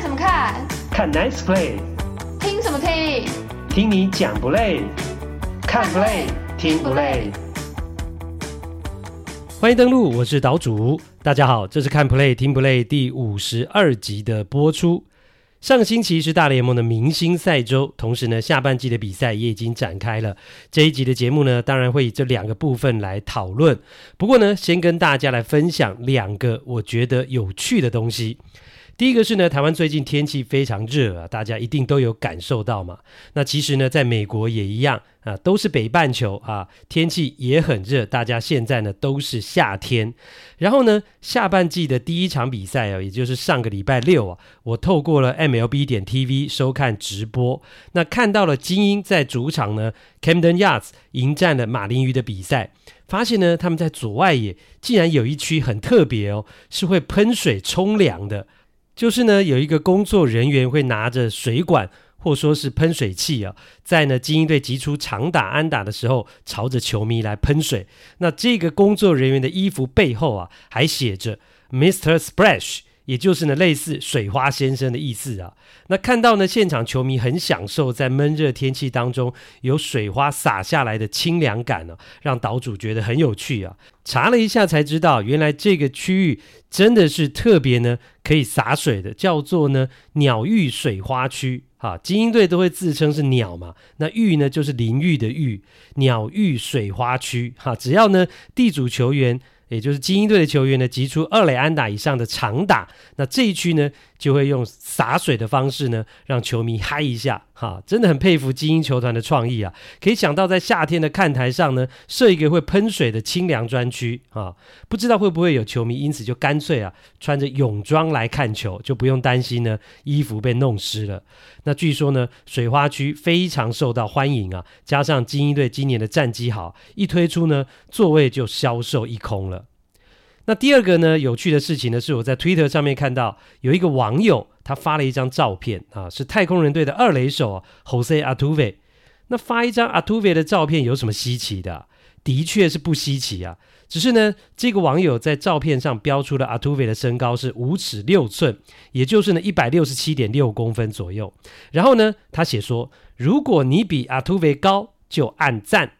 看什麼看？看 Nice Play。聽什麼聽？聽你講不累？看 Play 聽不累？不累不累歡迎登陸，我是島主，大家好，這是看 Play 聽不累第五十二集的播出。上星期是大聯盟的明星賽周，同時呢，下半季的比賽也已經展開了。這一集的節目呢，當然會以這兩個部分來討論。不過呢，先跟大家來分享兩個我覺得有趣的東西。第一個是呢，台灣最近天氣非常熱啊，大家一定都有感受到嘛。那其實呢，在美國也一樣啊，都是北半球啊，天氣也很熱，大家現在呢都是夏天。然後呢，下半季的第一場比賽哦、啊，也就是上個禮拜六啊，我透過了 MLB 點 TV 收看直播，那看到了金鶯在主場呢 Camden Yards 迎戰了馬林魚的比賽，發現呢，他們在左外野竟然有一區很特別哦，是會噴水沖涼的。就是呢，有一個工作人員會拿着水管或說是噴水器啊，在呢金鶯隊擊出長打安打的時候，朝着球迷來噴水。那這個工作人員的衣服背後啊，還寫着 Mister Splash。也就是呢，類似水花先生的意思啊。那看到呢，現場球迷很享受在悶熱天氣當中有水花灑下來的清涼感呢、啊，讓島主覺得很有趣啊。查了一下才知道，原來這個區域真的是特別呢，可以灑水的，叫做呢“鳥浴水花區”哈、啊，金鶯隊都會自稱是鳥嘛，那浴呢就是淋浴的浴，鳥浴水花區哈、啊。只要呢，地主球員。也就是金鶯隊的球員呢，擊出二壘安打以上的長打，那這一區呢，就會用灑水的方式呢，讓球迷嗨一下哈！真的很佩服金鶯球團的創意啊！可以想到在夏天的看台上呢，設一個會噴水的清涼專區啊！不知道會不會有球迷因此就乾脆啊，穿着泳裝來看球，就不用擔心呢，衣服被弄濕了。那據說呢，水花區非常受到歡迎啊！加上金鶯隊今年的戰績好，一推出呢，座位就銷售一空了。那第二個呢，有趣的事情呢，是我在推特上面看到有一個網友，他發了一張照片啊，是太空人隊的二壘手侯塞阿圖維。那發一張阿圖維的照片有什麼稀奇的啊？的確是不稀奇啊。只是呢，這個網友在照片上標出了阿圖維的身高是五尺六寸，也就是呢，一百六十七點六公分左右。然後呢，他寫說，如果你比阿圖維高，就按讚。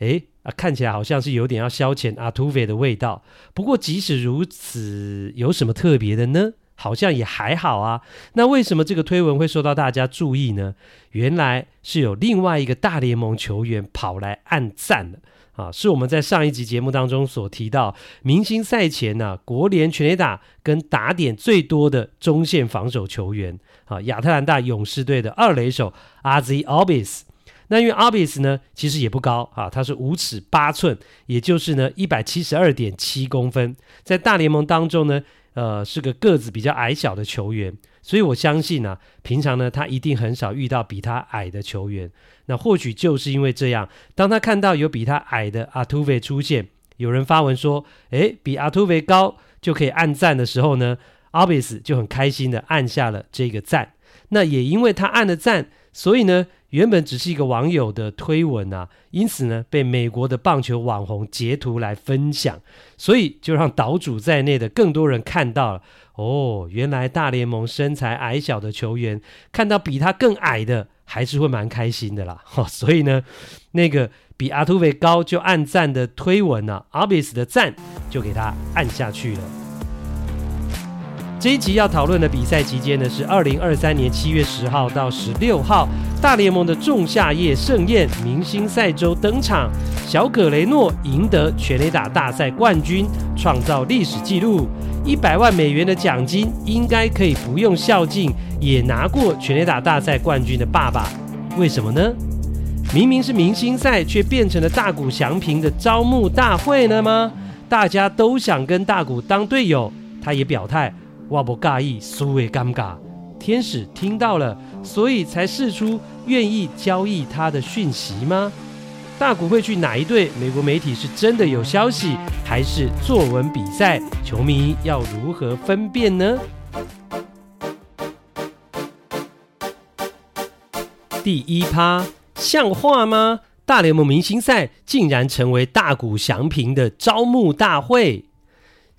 誒。啊，看起來好像是有點要消遣啊土匪的味道。不過即使如此，有什麼特別的呢？好像也還好啊。那為什麼這個推文會受到大家注意呢？原來是有另外一個大聯盟球員跑來按讚啊，是我們在上一集節目當中所提到，明星賽前呢，啊，國聯全壘打跟打點最多的中線防守球員啊，亞特蘭大勇士隊的二壘手 Ozzie Albies 那因為阿比斯呢，其實也不高啊，他是五尺八寸，也就是呢一百七十二點七公分，在大聯盟當中呢，呃，是個個子比較矮小的球員，所以我相信呢、啊，平常呢他一定很少遇到比他矮的球員。那或許就是因為這樣，當他看到有比他矮的阿圖 v 出現，有人發文說，哎，比阿圖 v 高就可以按讚的時候呢，阿比斯就很開心的按下了這個讚。那也因為他按了讚，所以呢。原本只是一個網友的推文啊，因此呢，被美國的棒球網紅截圖來分享，所以就讓島主在內的更多人看到了。哦，原來大聯盟身材矮小的球員看到比他更矮的，還是會蠻開心的啦。哦，所以呢，那個比阿圖匪高就按贊的推文啊，obvious、啊、的贊就給他按下去了。這一集要討論的比賽期間呢，是二零二三年七月十號到十六號，大聯盟的仲夏夜盛宴明星賽周登場，小葛雷諾贏得全壘打大賽冠軍，創造歷史紀錄，一百萬美元的獎金應該可以不用孝敬也拿過全壘打大賽冠軍的爸爸，為什麼呢？明明是明星賽，卻變成了大谷翔平的招募大會了嗎？大家都想跟大谷當隊友，他也表態。我不尬意輸的尷尬，天使聽到了，所以才釋出願意交易他的訊息嗎？大谷會去哪一隊？美國媒體是真的有消息，還是作文比賽？球迷要如何分辨呢？第一趴像話嗎？大聯盟明星賽竟然成為大谷翔平的招募大會？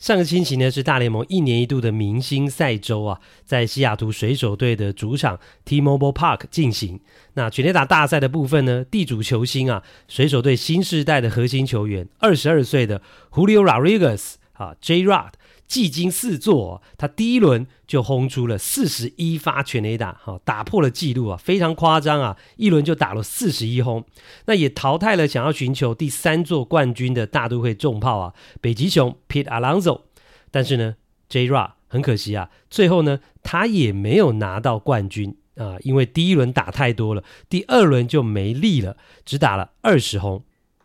上個星期呢，是大聯盟一年一度的明星賽周啊，在西雅圖水手隊的主場 T-Mobile Park 進行。那全壘打大賽的部分呢，地主球星啊，水手隊新世代的核心球員，二十二歲的 Julio Rodriguez 啊，J-Rod。技驚四座，他第一輪就轟出了四十一發全壘打，哈，打破了紀錄啊，非常誇張啊！一輪就打了四十一轟，那也淘汰了想要尋求第三座冠軍的大都會重炮啊，北極熊 Pete Alonso。但是呢 J-Rod 很可惜啊，最後呢他也沒有拿到冠軍啊，因為第一輪打太多了，第二輪就沒力了，只打了二十轟。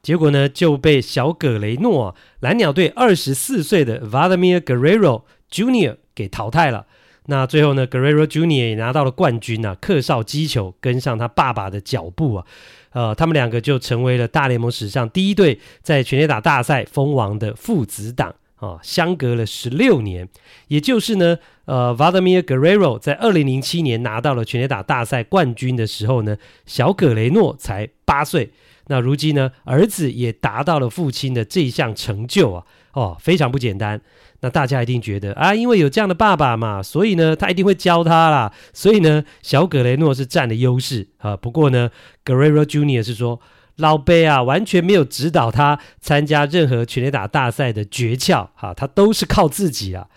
結果呢，就被小葛雷諾啊，藍鳥隊二十四歲的 Vladimir Guerrero Jr. 給淘汰了。那最後呢，Guerrero Jr. 也拿到了冠軍啊，克紹箕裘跟上他爸爸的腳步啊，呃，他們兩個就成為了大聯盟史上第一對在全壘打大賽封王的父子檔啊，呃，相隔了十六年，也就是呢，呃，Vladimir Guerrero 在二零零七年拿到了全壘打大賽冠軍的時候呢，小葛雷諾才八歲。那如今呢，兒子也達到了父親的這一項成就啊，哦，非常不簡單。那大家一定覺得啊，因為有這樣的爸爸嘛，所以呢，他一定會教他啦。所以呢，小格雷諾是占了優勢啊。不過呢，Guerrero Jr. 是說，老貝啊，完全沒有指導他參加任何全壘打大賽的訣竅啊，他都是靠自己啊。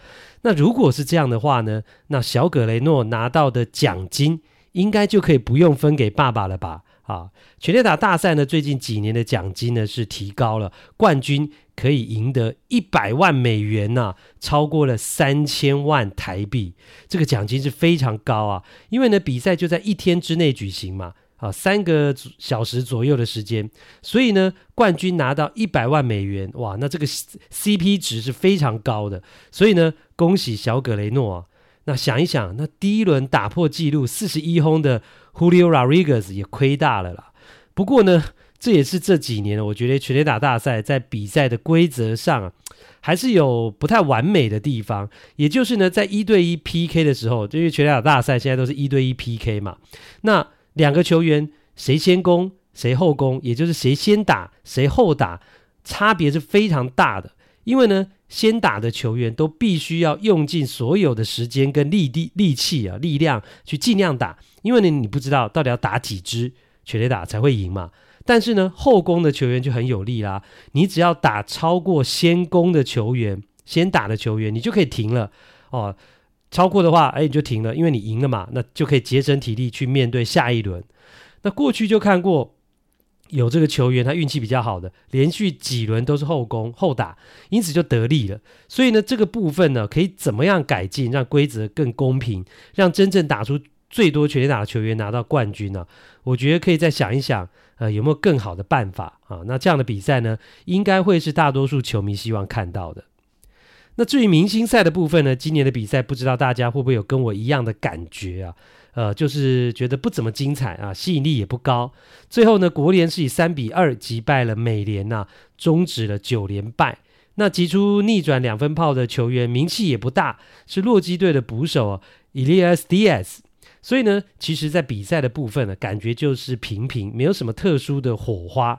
那如果是這樣的話呢，那小格雷諾拿到的獎金應該就可以不用分給爸爸了吧？啊，全壘打大賽呢，最近幾年的獎金呢是提高了，冠軍可以贏得一百萬美元吶，啊，超過了三千萬台幣，這個獎金是非常高啊。因為呢，比賽就在一天之內舉行嘛，啊，三個小時左右的時間，所以呢，冠軍拿到一百萬美元，哇，那這個 CP 值是非常高的。所以呢，恭喜小葛雷諾啊。那想一想，那第一輪打破紀錄四十一轟的。Julio Rodriguez 也虧大了啦。不過呢，這也是這幾年我覺得全壘打大賽在比賽的規則上啊，還是有不太完美的地方。也就是呢，在一對一 PK 的時候，因為全壘打大賽現在都是一對一 PK 嘛，那兩個球員誰先攻誰後攻，也就是誰先打誰後打，差別是非常大的。因為呢。先打的球員都必須要用盡所有的時間跟力力力氣啊力量去盡量打，因為你你不知道到底要打幾支全壘打才會贏嘛。但是呢後攻的球員就很有力啦，你只要打超過先攻的球員，先打的球員你就可以停了哦。超過的話，哎、欸、你就停了，因為你贏了嘛，那就可以節省體力去面對下一輪。那過去就看過。有這個球員，他運氣比較好的，連續幾輪都是後攻後打，因此就得利了。所以呢，這個部分呢，可以怎麼樣改進，讓規則更公平，讓真正打出最多全壘打的球員拿到冠軍呢？啊？我覺得可以再想一想，呃，有沒有更好的辦法啊？那這樣的比賽呢，應該會是大多數球迷希望看到的。那至於明星賽的部分呢，今年的比賽不知道大家會不會有跟我一樣的感覺啊？呃，就是覺得不怎麼精彩啊，吸引力也不高。最後呢，國聯是以三比二擊敗了美聯吶啊，終止了九連敗。那擊出逆轉兩分炮的球員名氣也不大，是洛基隊的捕手啊、Elias Diaz。所以呢，其實，在比賽的部分呢啊，感覺就是平平，沒有什麼特殊的火花。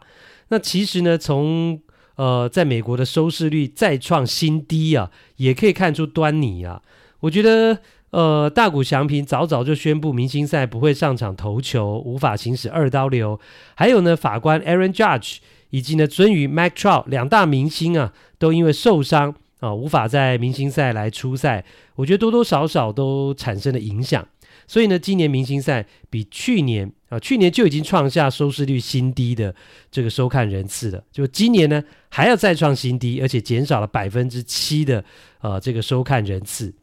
那其實呢，從呃，在美國的收視率再創新低啊，也可以看出端倪啊。我覺得。呃，大谷翔平早早就宣布明星賽不會上場投球，無法行使二刀流。還有呢，法官 Aaron Judge 以及呢，鱒魚 Mike Trout 兩大明星啊，都因為受傷啊、呃，無法在明星賽來出賽。我覺得多多少少都產生了影響。所以呢，今年明星賽比去年啊、呃，去年就已經創下收視率新低的這個收看人次了。就今年呢，還要再創新低，而且減少了百分之七的呃這個收看人次。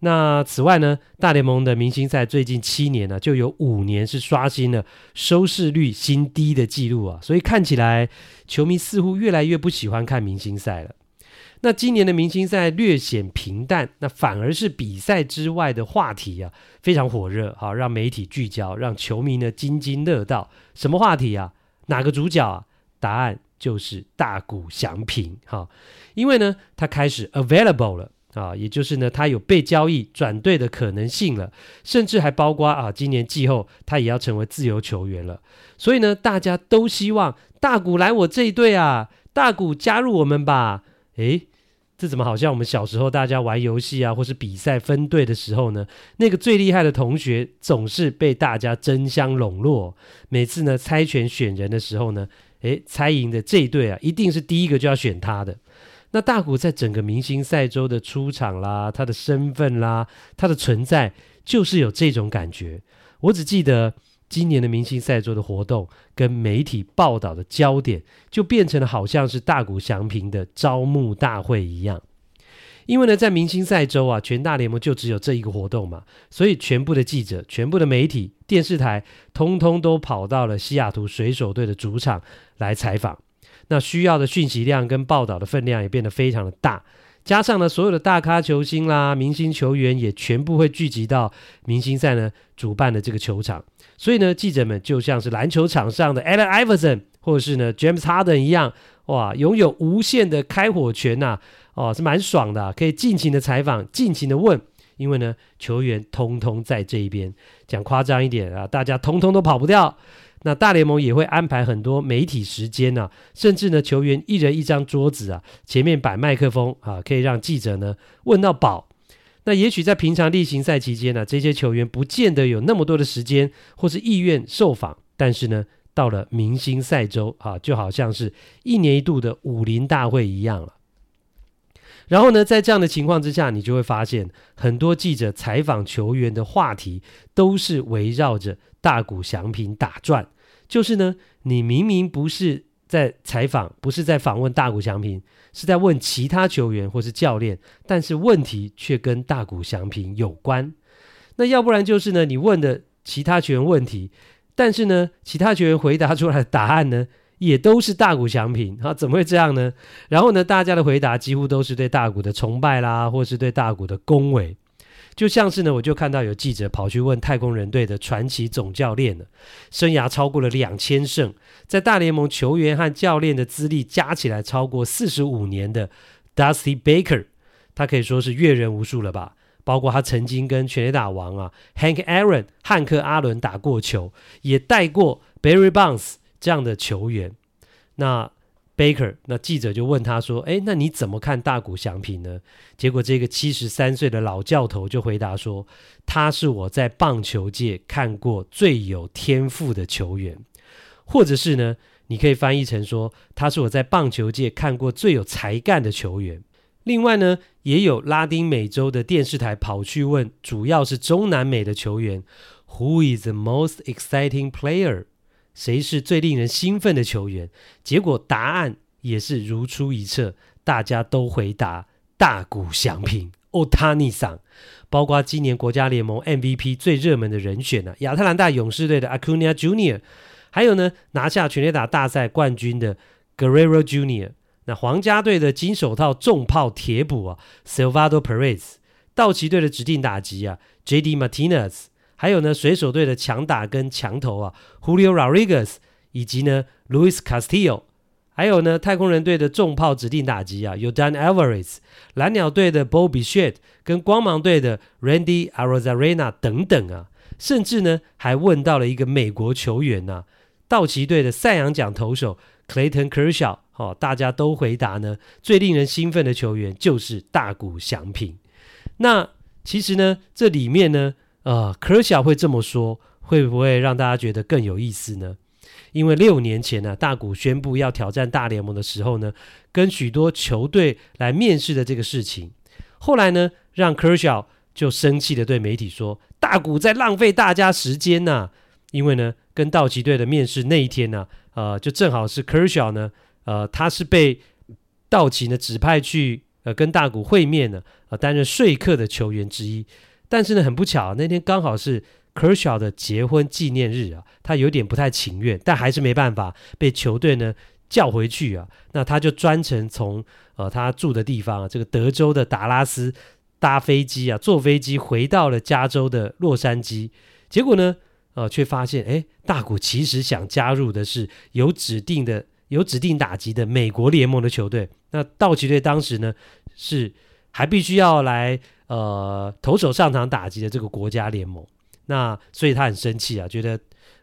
那此外呢，大聯盟的明星賽最近七年呢、啊，就有五年是刷新了收視率新低的記錄啊，所以看起來球迷似乎越來越不喜歡看明星賽了。那今年的明星賽略顯平淡，那反而是比賽之外的話題啊非常火熱，好、哦、讓媒體聚焦，讓球迷呢津津樂道。什麼話題啊？哪個主角啊？答案就是大谷翔平，哈、哦，因為呢他開始 available 了。啊，也就是呢，他有被交易轉隊的可能性了，甚至還包括啊，今年季後他也要成為自由球員了。所以呢，大家都希望大谷來我這一隊啊，大谷加入我們吧。誒，這怎麼好像我們小時候大家玩遊戲啊，或是比賽分隊的時候呢？那個最厲害的同學總是被大家爭相籠絡。每次呢猜拳選人的時候呢，誒，猜贏的這一隊啊，一定是第一個就要選他的。那大谷在整個明星賽周的出場啦，他的身份啦，他的存在就是有這種感覺。我只記得今年的明星賽周的活動跟媒體報道的焦點，就變成了好像是大谷翔平的招募大會一樣。因為呢，在明星賽周啊，全大聯盟就只有這一個活動嘛，所以全部的記者、全部的媒體、電視台，通通都跑到了西雅圖水手隊的主場來採訪。那需要的訊息量跟報道的分量也變得非常的大，加上呢，所有的大咖球星啦、明星球員也全部會聚集到明星賽呢主辦的這個球場，所以呢，記者們就像是籃球場上的 Allen Iverson 或者是呢 James Harden 一樣，哇，擁有無限的開火權吶，哦，是蠻爽的、啊，可以盡情的採訪、盡情的問，因為呢，球員通通在這一邊，講誇張一點啊，大家通通都跑不掉。那大聯盟也會安排很多媒體時間呢、啊，甚至呢球員一人一張桌子啊，前面擺麥克風啊，可以讓記者呢問到飽。那也許在平常例行賽期間呢、啊，這些球員不見得有那麼多的時間或是意願受訪，但是呢，到了明星賽周啊，就好像是一年一度的武林大會一樣了。然後呢，在這樣的情況之下，你就會發現很多記者採訪球員的話題都是圍繞着大谷翔平打轉。就是呢，你明明不是在採訪，不是在訪問大谷翔平，是在問其他球員或是教練，但是問題卻跟大谷翔平有關。那要不然就是呢，你問的其他球員問題，但是呢，其他球員回答出來的答案呢，也都是大谷翔平啊？怎麼會這樣呢？然後呢，大家的回答幾乎都是對大谷的崇拜啦，或是對大谷的恭維。就像是呢，我就看到有記者跑去問太空人隊的傳奇總教練了，生涯超過了兩千勝，在大聯盟球員和教練的資歷加起來超過四十五年的 Dusty Baker，他可以說是閱人無數了吧？包括他曾經跟全壘打王啊，Hank Aaron 漢克阿倫打過球，也帶過 Barry Bonds 這樣的球員。那 Baker，那記者就問他說：“誒，那你怎麼看大谷翔平呢？”結果這個七十三歲的老教頭就回答說：“他是我在棒球界看過最有天賦的球員，或者是呢，你可以翻譯成說他是我在棒球界看過最有才幹的球員。”另外呢，也有拉丁美洲的電視台跑去問，主要是中南美的球員：“Who is the most exciting player？” 誰是最令人興奮的球員？結果答案也是如出一轍，大家都回答大谷翔平、奧塔尼桑，san, 包括今年國家聯盟 MVP 最熱門的人選呢、啊，亞特蘭大勇士隊的 Acuna Jr，u n i o 還有呢拿下全壘打大賽冠軍的 Guerrero Jr，u n i o 那皇家隊的金手套重炮鐵捕啊 Salvador Perez，道奇隊的指定打擊啊，J.D. Martinez。還有呢，水手隊的強打跟強投啊，Julio Rodriguez，以及呢 Luis Castillo，還有呢太空人隊的重炮指定打擊啊，Yordan Alvarez，藍鳥隊的 Bo Bichette 跟光芒隊的 Randy Arozarena 等等啊，甚至呢還問到了一個美國球員吶、啊，道奇隊的賽揚獎投手 Clayton Kershaw，哦，大家都回答呢，最令人興奮的球員就是大谷翔平。那其實呢，這裡面呢。呃，柯蕭會這麼說，會不會讓大家覺得更有意思呢？因為六年前呢、啊，大谷宣布要挑戰大聯盟的時候呢，跟許多球隊來面試的這個事情，後來呢，讓柯蕭就生氣地對媒體說：“大谷在浪費大家時間吶、啊！”因為呢，跟道奇隊的面試那一天呢、啊，呃，就正好是柯蕭呢，呃，他是被道奇呢指派去呃跟大谷會面的，呃，擔任說客的球員之一。但是呢，很不巧，那天剛好是 Kershaw 的結婚紀念日啊，他有點不太情願，但還是沒辦法被球隊呢叫回去啊。那他就專程從呃他住的地方啊，這個德州的達拉斯搭飛機啊，坐飛機回到了加州的洛杉磯。結果呢，呃，卻發現，誒，大谷其實想加入的是有指定的、有指定打擊的美國聯盟的球隊。那道奇隊當時呢是，還必須要來呃投手上場打擊的這個國家聯盟，那所以他很生氣啊，覺得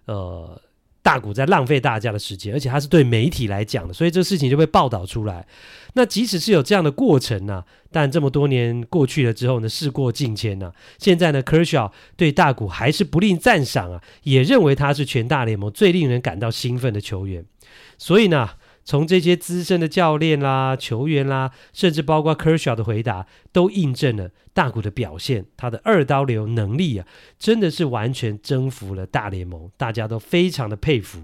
呃大谷在浪費大家的時間，而且他是對媒體來講的，所以這事情就被報道出來。那即使是有這樣的過程呢、啊，但這麼多年過去了之後呢，事過境遷呢、啊，現在呢，柯蕭對大谷還是不吝讚賞啊，也認為他是全大聯盟最令人感到興奮的球員，所以呢。從這些資深的教練啦、球員啦，甚至包括 Kershaw 的回答，都印證了大谷的表現，他的二刀流能力啊，真的是完全征服了大聯盟，大家都非常的佩服。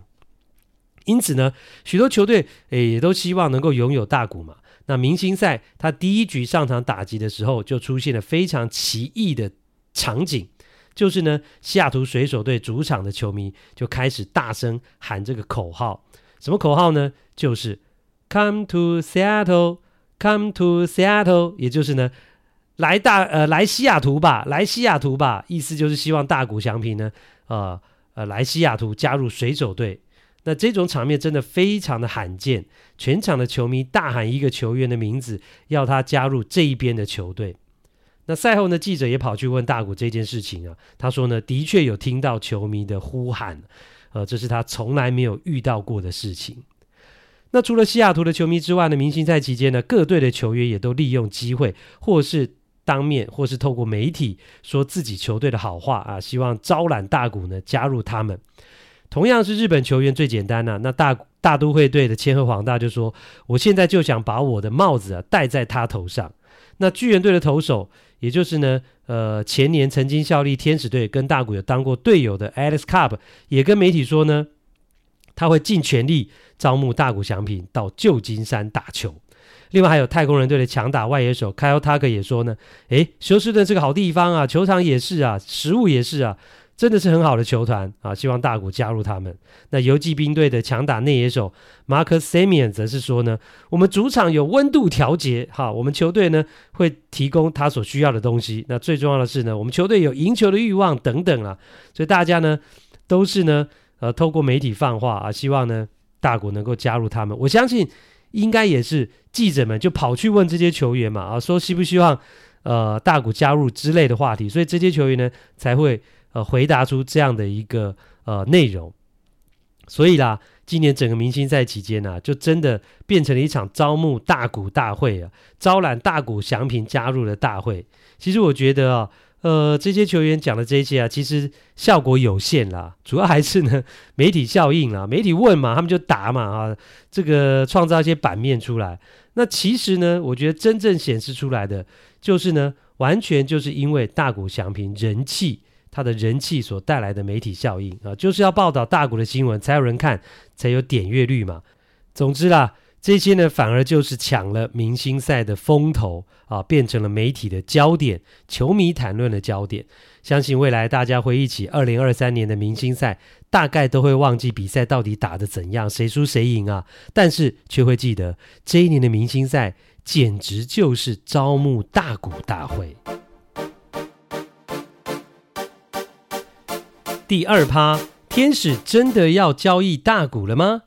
因此呢，許多球隊誒也都希望能夠擁有大谷嘛。那明星賽他第一局上場打擊的時候，就出現了非常奇異的場景，就是呢，西雅圖水手隊主場的球迷就開始大聲喊這個口號。什麼口號呢？就是 “Come to Seattle, Come to Seattle”，也就是呢，來大呃來西雅圖吧，來西雅圖吧。意思就是希望大谷翔平呢，呃呃來西雅圖加入水手隊。那這種場面真的非常的罕見，全場的球迷大喊一個球員的名字，要他加入這一邊的球隊。那賽後呢，記者也跑去問大谷這件事情啊，他說呢，的確有聽到球迷的呼喊。呃，這是他從來沒有遇到過的事情。那除了西雅圖的球迷之外呢，明星賽期間呢，各隊的球員也都利用機會，或是當面，或是透過媒體，說自己球隊的好話啊，希望招攬大谷呢加入他們。同樣是日本球員，最簡單的、啊、那大大都會隊的千賀滉大就說：“我現在就想把我的帽子啊戴在他頭上。”那巨人隊的投手。也就是呢，呃，前年曾經效力天使隊跟大谷有當過隊友的 Alex Cobb 也跟媒體說呢，他會盡全力招募大谷翔平到舊金山打球。另外還有太空人隊的強打外野手 Kyle Tucker 也說呢，誒，休斯頓是個好地方啊，球場也是啊，食物也是啊。真的是很好的球團啊！希望大谷加入他們。那遊騎兵隊的強打內野手 Marcus Semien 則是說呢：“我們主場有溫度調節，哈、啊，我們球隊呢會提供他所需要的東西。那最重要的是呢，我們球隊有贏球的慾望等等啦、啊。所以大家呢都是呢，呃，透過媒體放話啊，希望呢大谷能夠加入他們。我相信應該也是記者們就跑去問這些球員嘛啊，說希不希望呃大谷加入之類的話題，所以這些球員呢才會。呃，回答出這樣的一個呃內容，所以啦，今年整個明星賽期間呢、啊，就真的變成了一場招募大谷大會啊，招攬大谷翔平加入的大會。其實我覺得啊，呃，這些球員講的這些啊，其實效果有限啦，主要還是呢媒體效應啦、啊，媒體問嘛，他們就答嘛啊，這個創造一些版面出來。那其實呢，我覺得真正顯示出來的就是呢，完全就是因為大谷翔平人氣。他的人氣所帶來的媒體效應啊，就是要報道大谷的新聞才有人看，才有點閱率嘛。總之啦，這些呢反而就是搶了明星賽的風頭啊，變成了媒體的焦點，球迷談論的焦點。相信未來大家回憶起二零二三年的明星賽，大概都會忘記比賽到底打得怎樣，誰輸誰贏啊，但是卻會記得這一年的明星賽簡直就是招募大谷大會。第二趴，天使真的要交易大谷了嗎？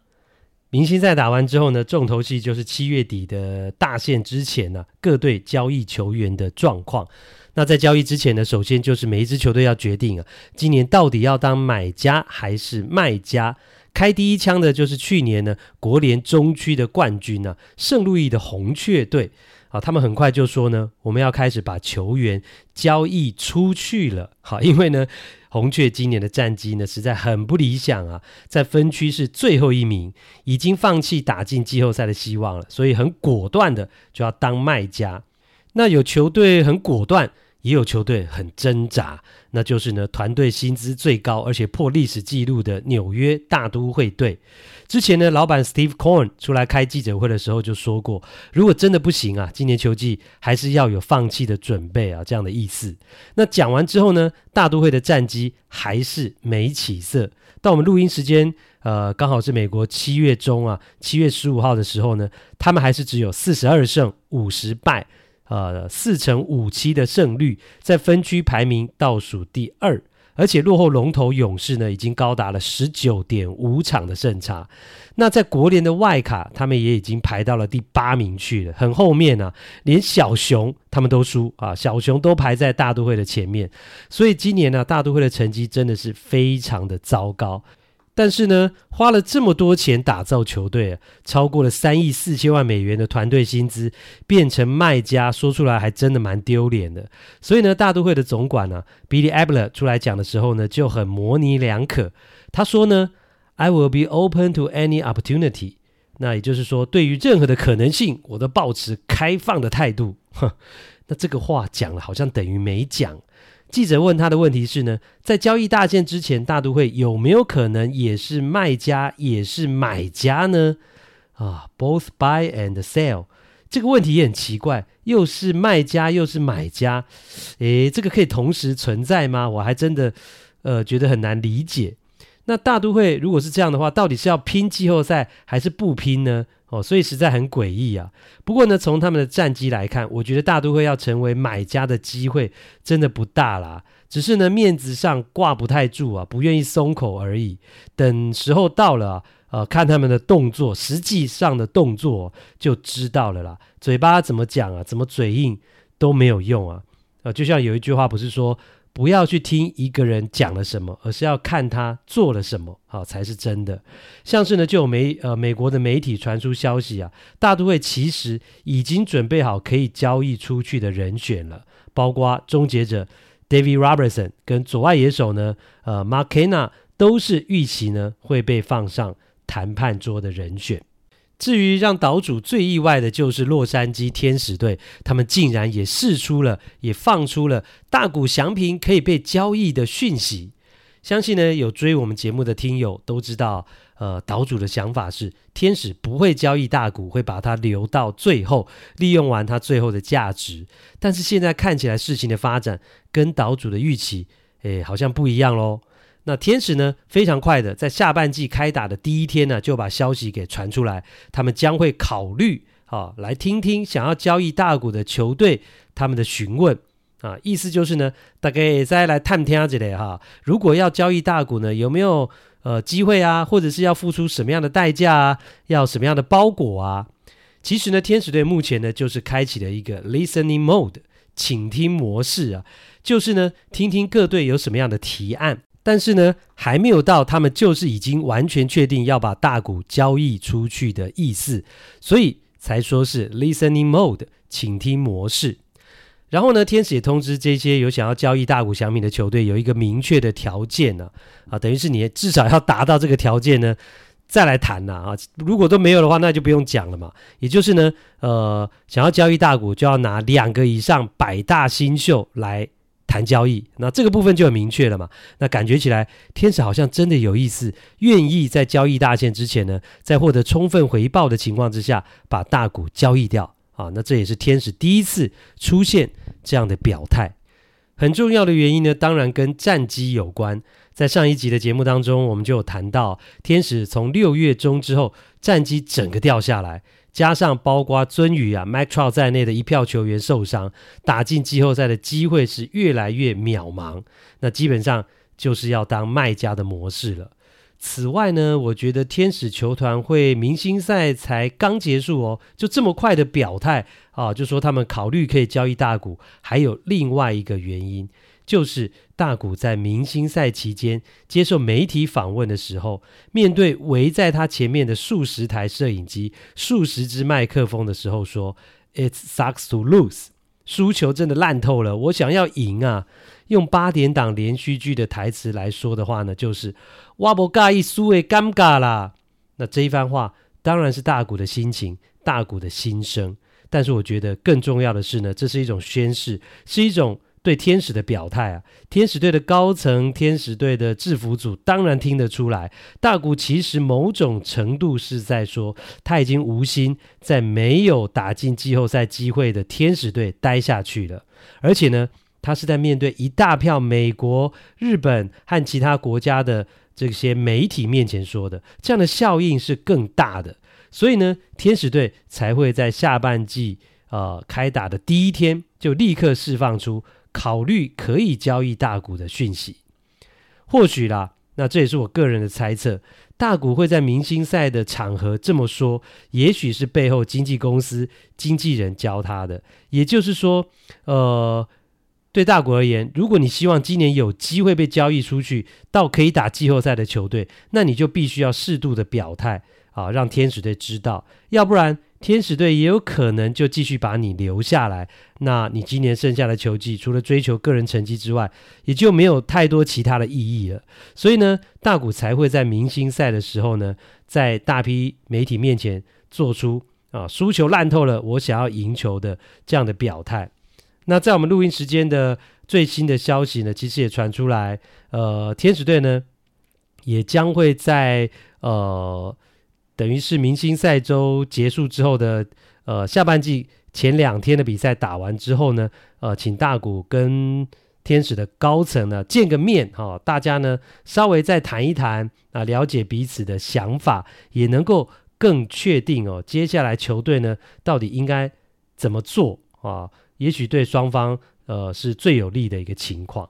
明星賽打完之後呢，重頭戲就是七月底的大限之前呢、啊，各隊交易球員的狀況。那在交易之前呢，首先就是每一支球隊要決定啊，今年到底要當買家還是賣家。開第一槍的，就是去年呢國聯中區的冠軍呢、啊、聖路易的紅雀隊。啊，他們很快就說呢，我們要開始把球員交易出去了。好，因為呢，紅雀今年的戰績呢實在很不理想啊，在分區是最後一名，已經放棄打進季後賽的希望了，所以很果斷的就要當賣家。那有球隊很果斷。也有球隊很掙扎，那就是呢，團隊薪資最高而且破歷史紀錄的紐約大都會隊。之前呢，老闆 Steve Cohen 出來開記者會的時候就說過，如果真的不行啊，今年球季還是要有放棄的準備啊，這樣的意思。那講完之後呢，大都會的戰績還是沒起色。到我們錄音時間，呃，剛好是美國七月中啊，七月十五號的時候呢，他們還是只有四十二勝五十敗。呃，四成五七的勝率，在分區排名倒數第二，而且落後龍頭勇士呢，已經高達了十九點五場的勝差。那在國聯的外卡，他們也已經排到了第八名去了，很後面啊，連小熊他們都輸啊，小熊都排在大都會的前面。所以今年呢、啊，大都會的成績真的是非常的糟糕。但是呢，花了這麼多錢打造球隊啊，超過了三億四千萬美元的團隊薪資，變成賣家，說出來還真的蠻丟臉的。所以呢，大都會的總管呢、啊、Billy Eppler 出來講的時候呢，就很模棱兩可。他說呢，I will be open to any opportunity。那也就是說，對於任何的可能性，我都保持開放的態度。哼，那這個話講了，好像等於沒講。記者問他的問題是呢，在交易大限之前，大都會有沒有可能也是賣家也是買家呢？啊，Both buy and sell，這個問題也很奇怪，又是賣家又是買家，誒，這個可以同時存在嗎？我還真的，呃，覺得很難理解。那大都會如果是這樣的話，到底是要拼季後賽還是不拼呢？哦，所以實在很詭異啊。不過呢，從他們的戰績來看，我覺得大都會要成為買家的機會真的不大啦。只是呢，面子上掛不太住啊，不願意鬆口而已。等時候到了啊，呃，看他們的動作，實際上的動作就知道了啦。嘴巴怎麼講啊，怎麼嘴硬都沒有用啊。啊，呃，就像有一句話不是說。不要去聽一個人講了什麼，而是要看他做了什麼，好、哦、才是真的。像是呢，就有美呃美國的媒體傳出消息啊，大都會其實已經準備好可以交易出去的人選了，包括終結者 David Robertson 跟左外野手呢，呃 Mark Canha 都是預期呢會被放上談判桌的人選。至於讓島主最意外的，就是洛杉磯天使隊，他們竟然也釋出了，也放出了大谷翔平可以被交易的訊息。相信呢，有追我們節目的聽友都知道，呃，島主的想法是天使不會交易大谷，會把他留到最後，利用完他最後的價值。但是現在看起來事情的發展跟島主的預期，誒，好像不一樣嘍。那天使呢，非常快的，在下半季開打的第一天呢，就把消息給傳出來。他們將會考慮啊，來聽聽想要交易大谷的球隊他們的詢問啊，意思就是呢，大概再來探聽這裡哈。如果要交易大谷呢，有沒有呃機會啊，或者是要付出什麼樣的代價啊，要什麼樣的包裹啊？其實呢，天使隊目前呢就是開啟了一個 listening mode，傾聽模式啊，就是呢聽聽各隊有什麼樣的提案。但是呢，還沒有到他們就是已經完全確定要把大谷交易出去的意思，所以才說是 listening mode 請聽模式。然後呢，天使也通知這些有想要交易大谷翔平的球隊有一個明確的條件呢、啊，啊，等於是你至少要達到這個條件呢，再來談吶、啊，啊，如果都沒有的話，那就不用講了嘛。也就是呢，呃，想要交易大谷，就要拿兩個以上百大新秀來。談交易，那這個部分就很明確了嘛。那感覺起來，天使好像真的有意思，願意在交易大限之前呢，在獲得充分回報的情況之下，把大谷交易掉啊。那這也是天使第一次出現這樣的表態。很重要的原因呢，當然跟戰績有關。在上一集的節目當中，我們就有談到，天使從六月中之後，戰績整個掉下來。加上包括鱒魚啊、Mike Trout 在內的一票球員受傷，打進季後賽的機會是越來越渺茫。那基本上就是要當賣家的模式了。此外呢，我覺得天使球團會明星賽才剛結束哦，就這麼快的表態啊，就說他們考慮可以交易大谷。還有另外一個原因就是。大谷在明星賽期間接受媒體訪問的時候，面對圍在他前面的數十台攝影機、數十隻麥克風的時候說，說：“It sucks to lose，輸球真的爛透了。我想要贏啊！用八點檔連續劇的台詞來說的話呢，就是‘哇，不尬一輸誒，尷尬啦！’那這一番話當然是大谷的心情、大谷的心聲。但是我覺得更重要的是呢，這是一種宣示，是一種。”對天使的表態啊，天使隊的高層、天使隊的制服組當然聽得出來，大谷其實某種程度是在說，他已經無心在沒有打進季後賽機會的天使隊待下去了。而且呢，他是在面對一大票美國、日本和其他國家的這些媒體面前說的，這樣的效應是更大的。所以呢，天使隊才會在下半季，呃，開打的第一天就立刻釋放出。考慮可以交易大谷的訊息，或許啦，那這也是我個人的猜測。大谷會在明星賽的場合這麼說，也許是背後經紀公司、經紀人教他的。也就是說，呃，對大谷而言，如果你希望今年有機會被交易出去，到可以打季後賽的球隊，那你就必須要適度的表態。啊，讓天使隊知道，要不然天使隊也有可能就繼續把你留下來。那你今年剩下的球季，除了追求個人成績之外，也就沒有太多其他的意義了。所以呢，大谷才會在明星賽的時候呢，在大批媒體面前做出啊輸球爛透了，我想要贏球的這樣的表態。那在我們錄音時間的最新的消息呢，其實也傳出來，呃，天使隊呢也將會在呃。等於是明星賽周結束之後的，呃，下半季前兩天的比賽打完之後呢，呃，請大谷跟天使的高層呢見個面哈、哦，大家呢稍微再談一談啊，了解彼此的想法，也能夠更確定哦，接下來球隊呢到底應該怎麼做啊、哦？也許對雙方呃是最有利的一個情況，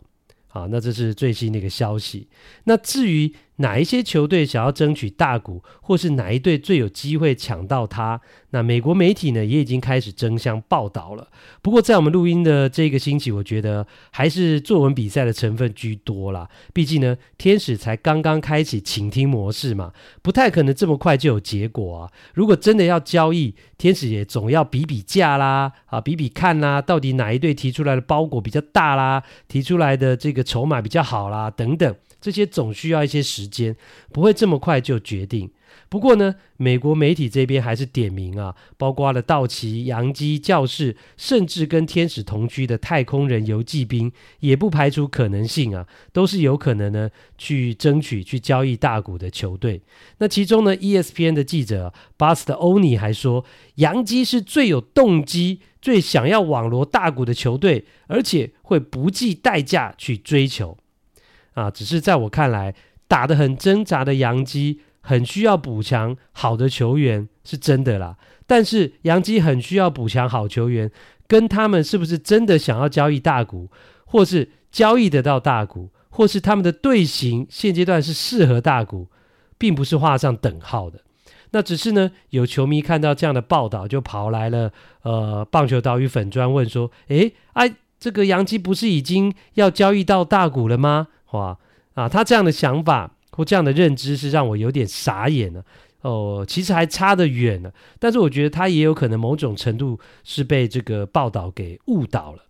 好，那這是最新的一個消息。那至於。哪一些球隊想要爭取大谷，或是哪一隊最有機會搶到它？那美國媒體呢，也已經開始爭相報道了。不過，在我們錄音的這個星期，我覺得還是作文比賽的成分居多啦。畢竟呢，天使才剛剛開啟傾聽模式嘛，不太可能這麼快就有結果啊。如果真的要交易，天使也總要比比價啦，啊，比比看啦，到底哪一隊提出來的包裹比較大啦，提出來的這個籌碼比較好啦，等等。這些總需要一些時間，不會這麼快就決定。不過呢，美國媒體這邊還是點名啊，包括了道奇、洋基、教士，甚至跟天使同居的太空人、遊騎兵，也不排除可能性啊，都是有可能呢去爭取、去交易大谷的球隊。那其中呢，ESPN 的記者巴斯的歐尼還說，洋基是最有動機、最想要網羅大谷的球隊，而且會不計代價去追求。啊，只是在我看來，打得很掙扎的洋基很需要補強，好的球員是真的啦。但是洋基很需要補強好球員，跟他們是不是真的想要交易大谷，或是交易得到大谷，或是他們的隊形現階段是適合大谷，並不是畫上等號的。那只是呢，有球迷看到這樣的報道，就跑來了呃，棒球島嶼粉專，問說：哎、啊，這個洋基不是已經要交易到大谷了嗎？哇啊！他這樣的想法或這樣的認知是讓我有點傻眼了哦。其實還差得遠呢。但是我覺得他也有可能某種程度是被這個報道給誤導了。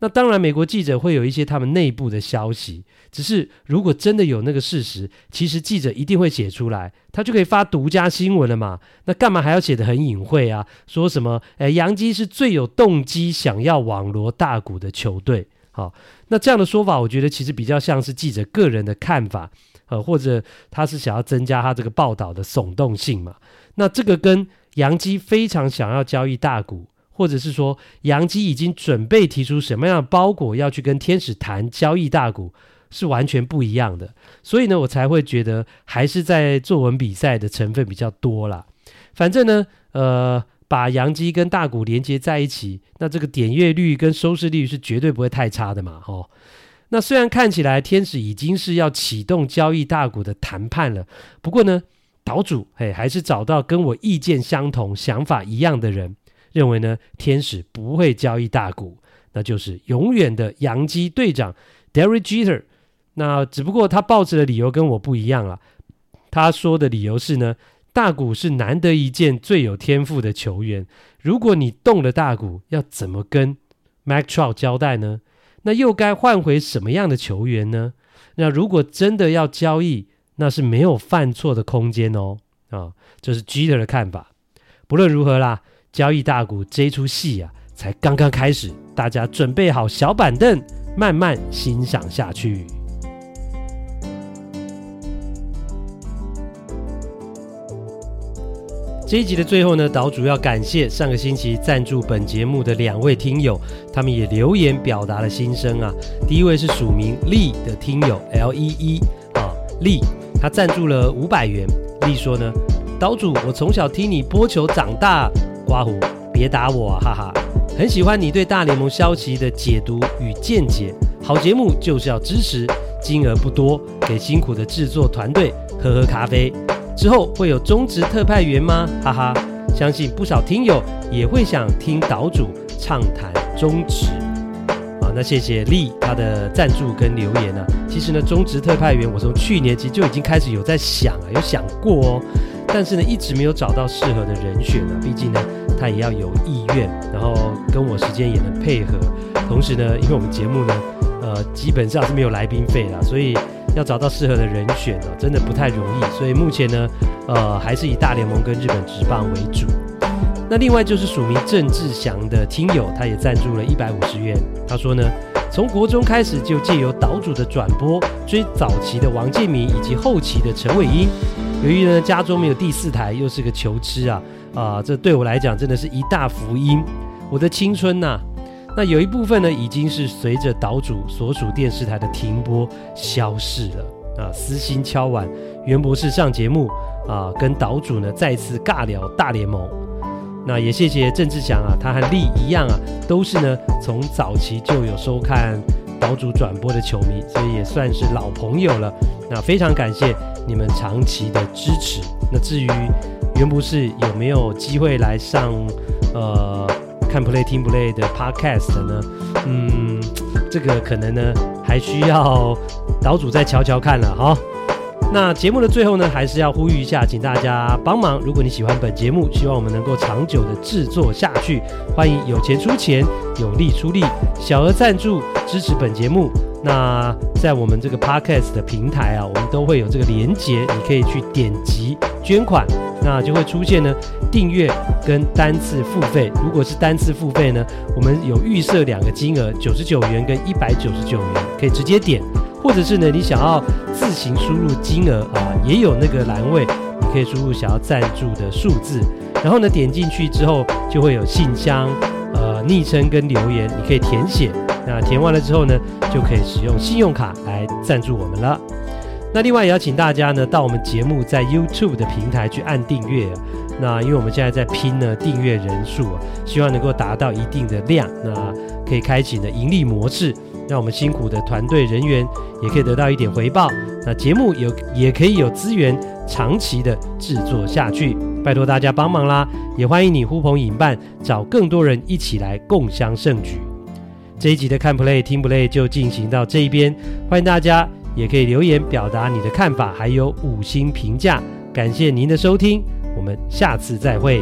那當然，美國記者會有一些他們內部的消息，只是如果真的有那個事實，其實記者一定會寫出來，他就可以發獨家新聞了嘛。那幹嘛還要寫得很隱晦啊？說什麼？哎，洋基是最有動機想要網羅大谷的球隊。好，那這樣的說法，我覺得其實比較像是記者個人的看法，呃，或者他是想要增加他這個報道的聳動性嘛？那這個跟洋基非常想要交易大谷，或者是說洋基已經準備提出什麼樣的包裹要去跟天使談交易大谷，是完全不一樣的。所以呢，我才會覺得還是在作文比賽的成分比較多啦。反正呢，呃。把洋基跟大谷連接在一起，那這個點閱率跟收視率是絕對不會太差的嘛！吼、哦，那雖然看起來天使已經是要啟動交易大谷的談判了，不過呢，島主哎還是找到跟我意見相同、想法一樣的人，認為呢天使不會交易大谷，那就是永遠的洋基隊長 Derek Jeter。那只不過他抱持的理由跟我不一樣了、啊，他說的理由是呢。大谷是難得一見最有天賦的球員，如果你動了大谷，要怎麼跟 Mike Trout 交代呢？那又該換回什麼樣的球員呢？那如果真的要交易，那是沒有犯錯的空間哦。啊、哦，這、就是 Giller 的看法。不論如何啦，交易大谷這出戲啊，才剛剛開始，大家準備好小板凳，慢慢欣賞下去。這一集的最後呢，島主要感謝上個星期贊助本節目的兩位聽友，他們也留言表達了心聲啊。第一位是署名李的聽友 L E E 啊，李他贊助了五百元。李說呢，島主，我從小聽你播球長大，刮胡別打我啊，哈哈，很喜歡你對大聯盟消息的解讀與見解，好節目就是要支持，金額不多，給辛苦的制作團隊喝喝咖啡。之後會有中職特派員嗎？哈哈，相信不少聽友也會想聽島主暢談中職。好，那謝謝麗他的贊助跟留言啊。其實呢，中職特派員我從去年其實就已經開始有在想啊，有想過哦，但是呢一直沒有找到適合的人選啊。畢竟呢他也要有意願，然後跟我時間也能配合，同時呢因為我們節目呢呃基本上是沒有來賓費的，所以。要找到適合的人選呢，真的不太容易，所以目前呢，呃，還是以大聯盟跟日本職棒為主。那另外就是署名鄭志祥的聽友，他也贊助了一百五十元。他說呢，從國中開始就借由島主的轉播，追早期的王建民以及後期的陳偉殷。由於呢家中沒有第四台，又是個球痴啊，啊、呃，這對我來講真的是一大福音。我的青春吶、啊。那有一部分呢，已經是隨着島主所屬電視台的停播消失了。啊，私心敲碗，袁博士上節目啊，跟島主呢再次尬聊大聯盟。那也謝謝鄭志祥啊，他和力一樣啊，都是呢從早期就有收看島主轉播的球迷，所以也算是老朋友了。那非常感謝你們長期的支持。那至於袁博士有沒有機會來上呃，看 Play 聽 play 的 Podcast 呢，嗯，這個可能呢還需要島主再瞧瞧看了哈。那節目的最後呢，還是要呼籲一下，請大家幫忙。如果你喜歡本節目，希望我們能夠長久的制作下去，歡迎有錢出錢，有力出力，小額贊助支持本節目。那在我們這個 Podcast 的平台啊，我們都會有這個鏈接，你可以去點擊捐款，那就會出現呢訂閱跟單次付費。如果是單次付費呢，我們有預設兩個金額，九十九元跟一百九十九元，可以直接點，或者是呢你想要自行輸入金額啊，也有那個欄位，你可以輸入想要贊助的數字，然後呢點進去之後就會有信箱、呃昵稱跟留言，你可以填寫。那填完了之後呢，就可以使用信用卡來贊助我們了。那另外也要請大家呢，到我們節目在 YouTube 的平台去按訂閱。那因為我們現在在拼呢訂閱人數啊，希望能夠達到一定的量，那可以開啟的盈利模式，讓我們辛苦的團隊人員也可以得到一點回報。那節目有也可以有資源長期的制作下去，拜托大家幫忙啦！也歡迎你呼朋引伴，找更多人一起來共襄盛舉。這一集的看不 y 聽不 y 就進行到這一邊，歡迎大家也可以留言表達你的看法，還有五星評價。感謝您的收聽，我們下次再會。